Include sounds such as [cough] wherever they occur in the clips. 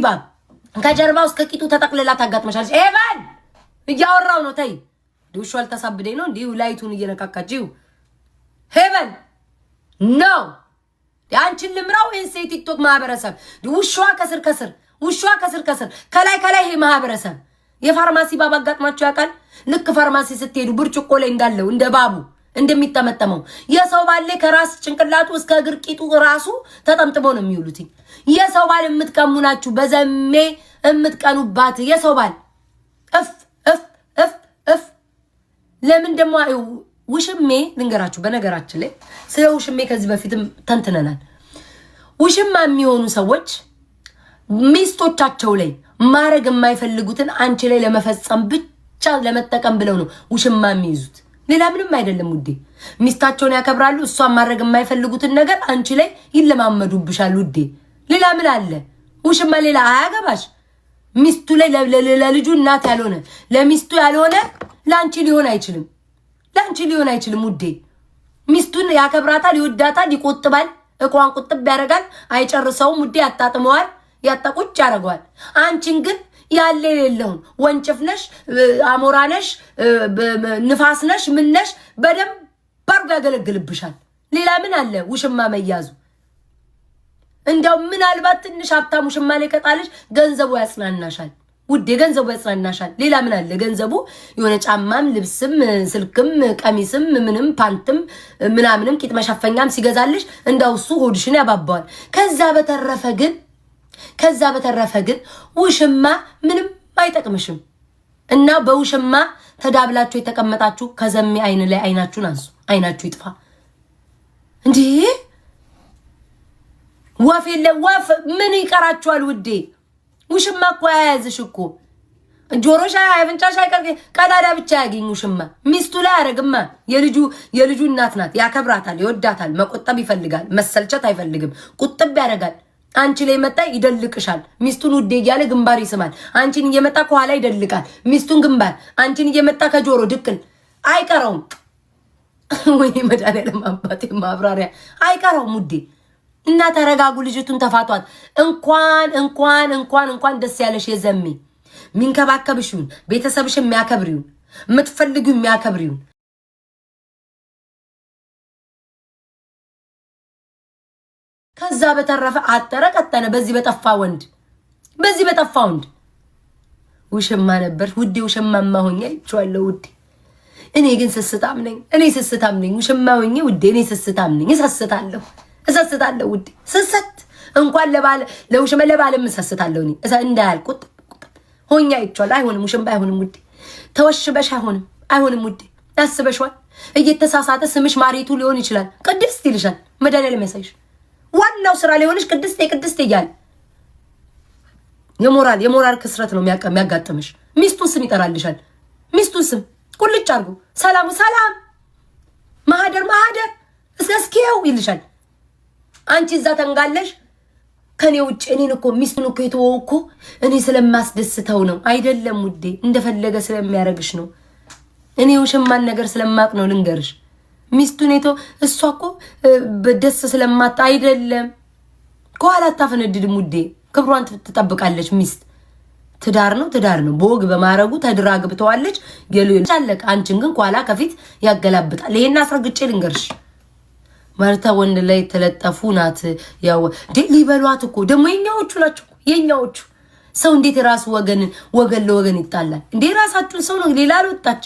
ዲባብ ከጀርባ ውስጥ ከቂጡ ተጠቅልላ ታጋጥመሻለች። ኤቫን እያወራው ነው። ተይ ድውሹ አልተሳብደኝ ነው እንዲሁ ላይቱን እየነካካች ይሁ ሄቨን ነው የአንቺን ልምራው። እንሴ ቲክቶክ ማህበረሰብ ውሿ ከስር ከስር ውሿ ከስር ከስር ከላይ ከላይ ይሄ ማህበረሰብ የፋርማሲ ባብ አጋጥማችሁ ያውቃል? ልክ ፋርማሲ ስትሄዱ ብርጭቆ ላይ እንዳለው እንደ ባቡ እንደሚጠመጠመው የሰው ባሌ ከራስ ጭንቅላቱ እስከ እግር ቂጡ ራሱ ተጠምጥሞ ነው የሚውሉት። የሰው ባል የምትቀሙ ናችሁ፣ በዘሜ የምትቀኑባት የሰው ባል እፍ እፍ እፍ እፍ። ለምን ደግሞ ውሽሜ ልንገራችሁ። በነገራችን ላይ ስለ ውሽሜ ከዚህ በፊትም ተንትነናል። ውሽማ የሚሆኑ ሰዎች ሚስቶቻቸው ላይ ማድረግ የማይፈልጉትን አንቺ ላይ ለመፈጸም ብቻ ለመጠቀም ብለው ነው ውሽማ የሚይዙት። ሌላ ምንም አይደለም ውዴ። ሚስታቸውን ያከብራሉ። እሷን ማድረግ የማይፈልጉትን ነገር አንቺ ላይ ይለማመዱብሻል ውዴ። ሌላ ምን አለ? ውሽማ ሌላ አያገባሽ። ሚስቱ ላይ ለልጁ እናት ያልሆነ ለሚስቱ ያልሆነ ለአንቺ ሊሆን አይችልም። ለአንቺ ሊሆን አይችልም ውዴ። ሚስቱን ያከብራታል፣ ይወዳታል፣ ይቆጥባል፣ እቋን ቁጥብ ያደርጋል። አይጨርሰውም ውዴ። ያጣጥመዋል፣ ያጣቁጭ ያደርገዋል። አንቺን ግን ያለ የሌለውን ወንጭፍ ነሽ፣ አሞራ ነሽ፣ ንፋስ ነሽ፣ ምን ነሽ በደንብ አድርጎ ያገለግልብሻል። ሌላ ምን አለ ውሽማ መያዙ? እንዲያው ምናልባት ትንሽ ሀብታም ውሽማ ላይ ከጣለሽ ገንዘቡ ያጽናናሻል ውዴ፣ ገንዘቡ ያጽናናሻል። ሌላ ምን አለ? ገንዘቡ የሆነ ጫማም፣ ልብስም፣ ስልክም፣ ቀሚስም፣ ምንም ፓንትም፣ ምናምንም ቂጥ መሸፈኛም ሲገዛልሽ እንዳው እሱ ሆድሽን ያባባዋል። ከዛ በተረፈ ግን ከዛ በተረፈ ግን ውሽማ ምንም አይጠቅምሽም እና በውሽማ ተዳብላችሁ የተቀመጣችሁ ከዘሚ አይን ላይ አይናችሁን አንሱ። አይናችሁ ይጥፋ። እንዲህ ወፍ የለ ወፍ ምን ይቀራችኋል ውዴ? ውሽማ እኮ አያያዝሽ እኮ ጆሮሽ አፍንጫሽ አይቀር ቀዳዳ ብቻ ያገኝ። ውሽማ ሚስቱ ላይ አረግማ። የልጁ የልጁ እናት ናት። ያከብራታል፣ ይወዳታል፣ መቆጠብ ይፈልጋል፣ መሰልቸት አይፈልግም፣ ቁጥብ ያደርጋል። አንቺ ላይ መጣ ይደልቅሻል። ሚስቱን ውዴ እያለ ግንባር ይስማል። አንቺን እየመጣ ከኋላ ይደልቃል። ሚስቱን ግንባር፣ አንቺን እየመጣ ከጆሮ ድቅል አይቀረውም። [laughs] ወይ መድኃኒዓለም አባቴ ማብራሪያ አይቀረውም ውዴ። እና ተረጋጉ፣ ልጅቱን ተፋቷት። እንኳን እንኳን እንኳን እንኳን ደስ ያለሽ የዘሜ ሚንከባከብሽውን ቤተሰብሽ የሚያከብሪውን የምትፈልጊው የሚያከብሪውን ከዛ በተረፈ አጠረ ቀጠነ። በዚህ በጠፋ ወንድ በዚህ በጠፋ ወንድ ውሽማ ነበር ውዴ፣ ውሽማማ ሆኜ አይቼዋለሁ ውዴ። እኔ ግን ስስታም ነኝ፣ እኔ ስስታም ነኝ። ውሽማ ሆኜ ውዴ፣ እኔ ስስታም ነኝ። እሰስታለሁ፣ እሰስታለሁ ውዴ። ስሰት እንኳን ለባለ ለውሽማ ለባለም እሰስታለሁ። እኔ እዛ እንዳያልቅ ቁጥብ ቁጥብ ሆኜ አይቼዋለሁ። አይሆንም፣ ውሽማ አይሆንም ውዴ። ተወሽበሽ አይሆንም፣ አይሆንም ውዴ። ያስበሽዋል። እየተሳሳተ ስምሽ ማሪቱ ሊሆን ይችላል። ቅድስት ይልሻል። መድኃኒዓለም ያሳይሽ። ዋናው ስራ ሊሆንሽ ቅድስቴ ቅድስቴ እያል የሞራል የሞራል ክስረት ነው የሚያጋጥምሽ። ሚስቱን ስም ይጠራልሻል። ሚስቱን ስም ቁልጭ አርጉ ሰላሙ ሰላም ማህደር ማህደር እስኪው ይልሻል። አንቺ እዛ ተንጋለሽ ከኔ ውጭ እኔን እኮ ሚስቱን እኮ የተወው እኮ እኔ ስለማስደስተው ነው። አይደለም ውዴ፣ እንደፈለገ ስለሚያደርግሽ ነው። እኔ ውሽማን ነገር ስለማቅ ነው ልንገርሽ ሚስቱን የተው እሷ እኮ ደስ ስለማታ አይደለም ከኋላ አታፈነድድም ውዴ። ክብሯን ትጠብቃለች። ሚስት ትዳር ነው፣ ትዳር ነው። በወግ በማረጉ ተድራ ግብተዋለች። የሌሎች አለቀ። አንቺን ግን ከኋላ ከፊት ያገላብጣል። ይሄን አስረግጬ ልንገርሽ። መርተ ወንድ ላይ ተለጠፉ ናት። ያው ሊበሏት እኮ ደግሞ የኛዎቹ ናቸው የኛዎቹ ሰው እንዴት የራሱ ወገን ወገን ለወገን ይጣላል እንዴ? የራሳችሁን ሰው ነው ሌላ አልወጣች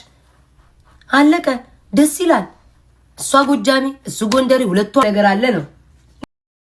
አለቀ። ደስ ይላል። እሷ ጎጃሚ እሱ ጎንደሪ፣ ሁለቷ ነገር አለ ነው።